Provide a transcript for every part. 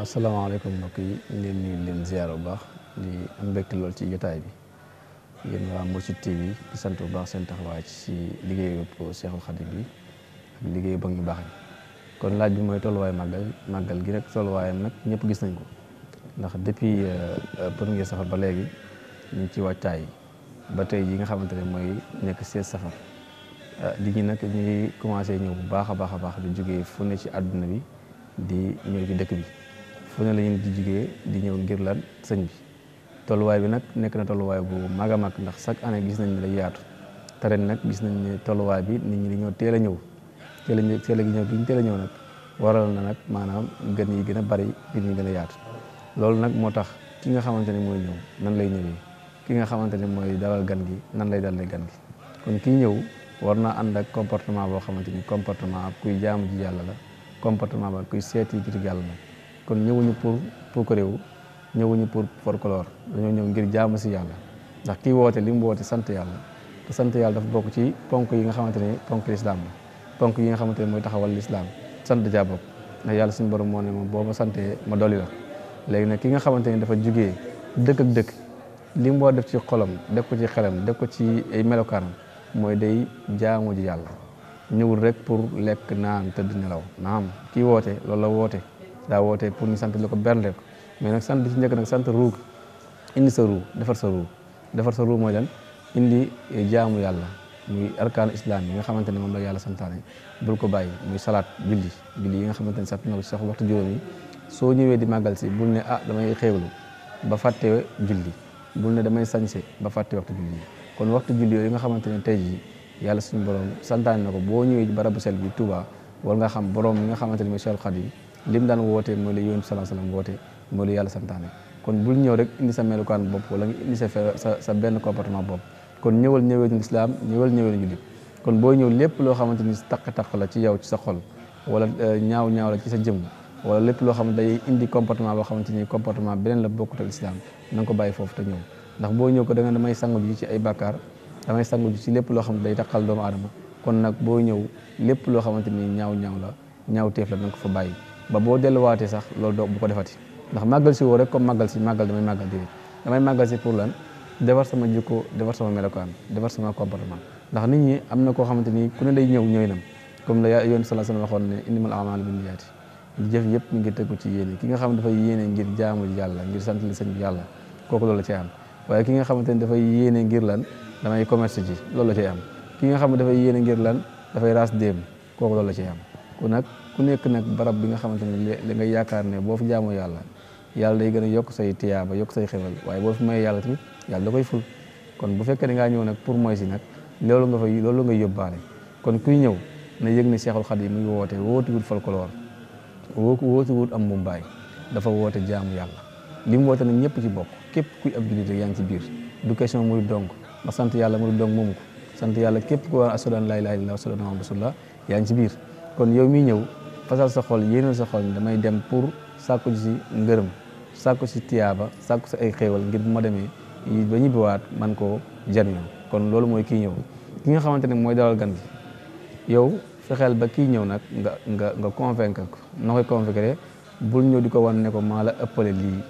waaw salaamaaleykum mbokk yi ñu leen leen ziar bu baax di am mbégte lool ci jotaay bi yéen waa Mourchid TV di sant bu baax seen taxawaay ci liggéeyu Seexul Xadim bi ak liggéeyu ñu baax yi kon laaj bi mooy tolluwaay màggal màggal gi rek tolluwaayam nag ñëpp gis nañ ko ndax depuis euh, premier safar ba léegi ñu ci wàccaay ba tey yi nga xamante ne mooy nekk seize safar li euh, ñi nag ñu ngi commencé ñëw bu baax a baax a baax di jóge fu ne ci àdduna bi di ñëw ci dëkk bi fu ne la ñu di jugee di ñëw ngir lan sëñ bi tolluwaay bi nag nekk na tolluwaay bu mag a mag ndax chaque année gis nañ ne day yaatu te ren nag gis nañ ne tolluwaay bi nit ñi dañoo teel a ñëw teel a ñëw teel a ñëw bi a ñëw nag waral na nag maanaam gën yi gën a bari gën gën a yaatu loolu nag moo tax ki nga xamante ne mooy ñëw nan lay ñëwee ki nga xamante ne mooy dalal gan gi nan lay dalalee gan gi kon kii ñëw war naa ànd ak comportement boo xamante ni comportement kuy jaamu ji yàlla la comportement ba kuy seeti yi yàlla la kon ñëwuñu pour pour ko réew ñëwuñu pour folklore dañoo ñëw ngir jaamu si yàlla ndax kii woote li mu woote sant yàlla te yàlla dafa bokk ci ponk yi nga xamante ne ponk lislaam la yi nga xamante ne mooy taxawal lislaam sant jaa bokk yàlla suñu borom moo ne moom boo ma santee ma dolli la léegi nag ki nga xamante ne dafa jugee dëkk dëkk li mu war def ci xolom def ko ci xelam def ko ci ay melokaanam mooy day jaamu ji yàlla ñëwul rek pour lekk naan tëdd nelaw naam kii woote loolu la woote daa woote pour ñu sant la ko bernde ko mais nag sant di ci njëkk nag sant ruug indi sa ruug defar sa ruug defar sa ruug mooy lan indi eh, jaamu yàlla muy arkaanu islam yi nga xamante ne moom la yàlla santaane bul ko bàyyi muy salaat julli julli yi nga xamante ne sax na ko sax waxtu juróom yi soo ñëwee di màggal si bul ne ah damay xéewlu ba fàtte julli bul ne damay sañse ba fàtte waxtu julli yi kon waxtu julli nga xamante ne tey jii yàlla suñu borom santaane na ko boo ñëwee barabu sel bi Touba war nga xam boroom mi nga xamante ne mooy Cheikh Khadim lim daan wootee mooy la yónni sallallahu alayhi wasallam woote mooy la yàlla santaane kon bul ñëw rek indi sa melukaan bopp wala nga indi sa sa sa benn comportement bopp kon ñëwal ñëwee ñu lislaam ñëwal ñëwee ñu jullit kon boo ñëw lépp loo xamante ni taq-taq la ci yow ci sa xol wala euh, ñaaw ñaaw la ci sa jëmm wala lépp loo xamante day indi comportement boo xamante ni comportement beneen la bokkut ak lislaam na nga ko bàyyi foofu te ñëw ndax boo ñëw ko da nga damay sangu ji ci ay bàkkaar damay sangu ji ci lépp loo xam ne day taqal doomu aadama kon nag boo ñëw lépp loo xamante ni ñaaw ñaaw la ñaaw teef la na nga ko fa bàyyi ba boo delluwaatee sax loolu doo bu ko defati ndax màggal si woo rek comme màggal si màggal damay màggal déedéet damay màggal si pour lan defar sama jikko defar sama melokaan defar sama comportement ndax nit ñi am na koo xamante ni ku ne day ñëw ñooy nam comme la yoon sallallahu alayhi indi waxoon ne innamal a'maalu binniyaati jëf yëpp mi ngi tegu ci yéene ki nga xam dafay yéene ngir jaamu yàlla ngir sant la sëñ bi yàlla kooku loolu la cay waaye ki nga xamante ni dafay yéene ngir lan damay commerce ji loolu la cay am ki nga xam ne dafay yéene ngir lan dafay ras déem kooku loolu la cay am ku nag ku nekk nag barab bi nga xamante ne da ngay yaakaar ne boo fi jaamoo yàlla yàlla day gën a yokk say tiyaaba yokk say xewal waaye boo fi may yàlla tamit yàlla da koy ful kon bu fekkee da ngaa ñëw nag pour mooy si nag loolu nga fay loolu nga yóbbaale kon kuy ñëw na yëg ne Seexul Xadiim mu ngi woote wootiwut folklore woo wootiwut am mumbaay dafa woote jaamu yàlla li mu woote nag ñëpp ci bokk képp kuy ab jullit ngi ci biir du question murid dong sant yàlla murid dong moomu ko sant yàlla képp ku war a asodaan laa ilaaha illallaah asodaan Muhammadu yaa ngi ci biir kon yow mii ñëw fasal sa xol yéenal sa xol damay dem pour sàkku si ngërëm sàkku si tiyaaba sàkku si ay xéewal ngir bu ma demee ba ñibbiwaat man koo jariñoo kon loolu mooy kii ñëw ki nga xamante ne mooy dalal gan gi yow fexeel ba kii ñëw nag nga nga nga convaincre ko noo koy convaincre ñëw di ko wan ne ko maa la ëppale lii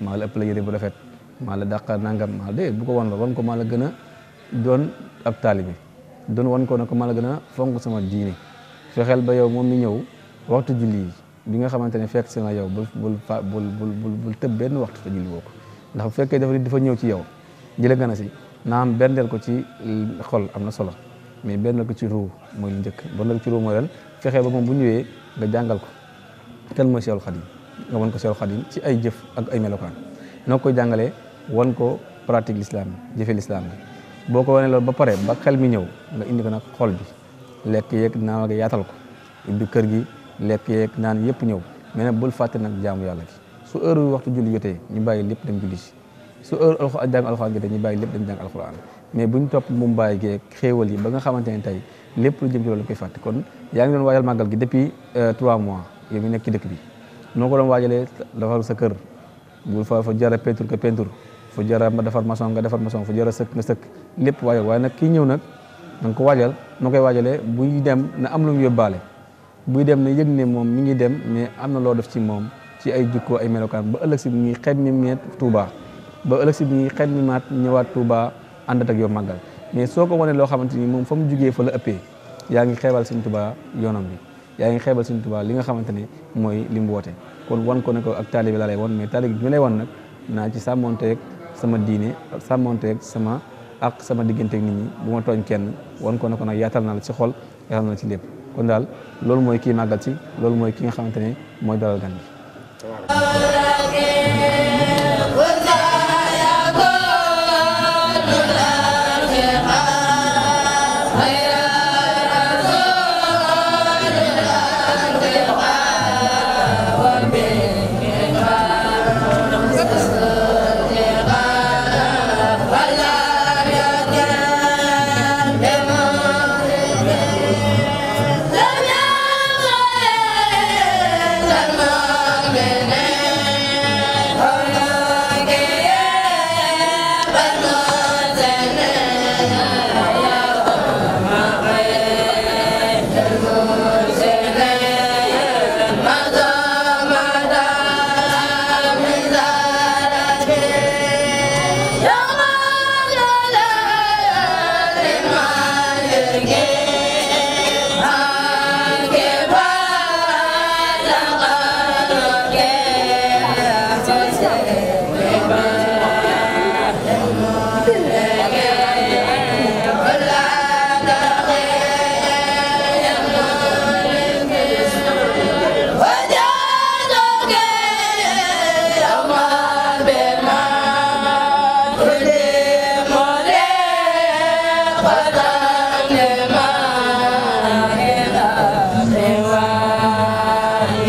maa la ëppale yére bu rafet maa la dàqa nangam maa de bu ko wan la wan ko maa la gën a doon ab taalibe doon wan ko ne ko maa la gën a fonk sama diine fexeel ba yow moom mi ñëw waxtu julli bi nga xamante ne fekk si na yow bul bul bul bul bul tëb benn waxtu te julli boo ko ndax bu fekkee dafa dafa ñëw ci yow jële gën a si benn bendeel ko ci xol am na solo mais bendeel ko ci ru mooy lu njëkk bendeel ko ci ruu mooy lan ba moom bu ñëwee nga jàngal ko kan mooy Seexul Xadim nga won ko Seexul Xadim ci ay jëf ak ay melokaan noo ko jàngalee wan ko pratique l'islam jëfe l'islam bi boo ko wanee loolu ba pare ba xel mi ñëw nga indi ko nag xol bi lekk yeeg naan nga ko ubbi kër gi lekk yeeg naan yëpp ñëw mais nag bul fàtte nag jaamu yàlla gi su heure waxtu julli jotee ñu bàyyi lépp dañ julli si su heure alxuraan jàng alxuraan jotee ñu bàyyi lépp dem jàng alxuraan mais buñ topp mu mbaay gee xéewal yi ba nga xamante ne tey lépp lu jëm ci loolu koy fàtte kon yaa ngi doon waajal màggal gi depuis euh, trois mois yow mi nekk ci dëkk bi noo ko doon waajalee defar sa kër bul fa fa jara peinture nga peinture fu jara ma defar maçon nga defar maçon fu jara sëkk nga sëkk lépp waajal waaye nag kii ñëw nag na nga ko waajal noo koy waajalee buy dem na am lu mu yóbbaale buy dem na yëg ne moom mi ngi dem mais am na loo def ci moom ci ay jukkoo ay melokaan ba ëllëg si bi ñuy xet mi meet Touba ba ëllëg si bi ñuy xet mi maat ñëwaat Touba àndat ak yow màggal mais soo ko wanee loo xamante ni moom fa mu jugee fa la ëppee yaa ngi xeebal Sëñ Touba yoonam bi yaa ngi xeebal Sëñ Touba li nga xamante ne mooy li mu woote kon wan ko ne ko ak taalibe laa lay wan mais taalibe bi ñu lay wan nag naa ci sàmmonteeg sama diine sàmmonteeg sama ak sama diggante ak nit ñi bu ma kenn wan ko na ko nag yaatal naa la ci xol yaatal naa la ci lépp kon daal loolu mooy ki màggal si loolu mooy ki nga xamante ne mooy dalal gan bi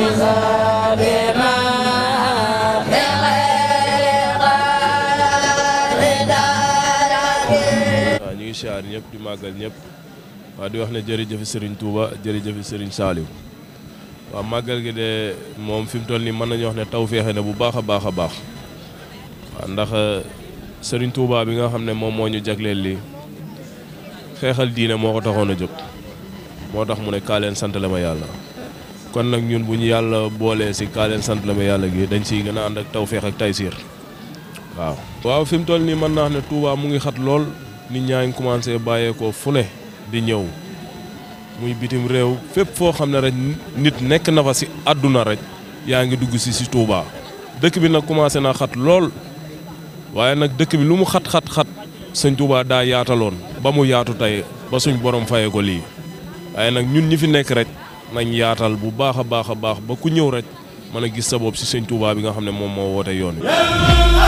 waaw ñu ngi siyaar ñëpp di màggal ñépp waaw di wax ne jërëjëf Serigne Touba jërëjëf Serigne Saliou waaw màggal gi de moom fi mu toll nii mën nañu wax ne taw féexe ne bu baax a baax a baax waaw ndax euh, Serigne Touba bi nga xam ne moom moo ñu jagleel lii xeexal diine moo ko taxoon a jóg moo tax mu ne kaa leen sant la yàlla. kon nag ñun bu ñu yàlla boolee si kaa sant la ma yàlla gi dañ siy gën a ànd ak tawféex ak taysiir waaw. waaw fi mu toll nii mën naa ne Touba mu ngi xat lool nit ñaa ngi commencé bàyyeekoo fu ne di ñëw muy bitim réew fépp foo xam ne rek nit nekk na fa si àdduna rek yaa ngi dugg si si Touba dëkk bi nag commencé naa xat lool waaye nag dëkk bi lu mu xat xat xat sëñ Touba daa yaataloon ba mu yaatu tey ba suñ borom fayee ko lii waaye nag ñun ñi fi nekk rek. nañ yaatal bu baax a baax a baax ba ku ñëw rek mën a gis sa bopp si sëñ Touba bi nga xam ne moom moo woote yoon wi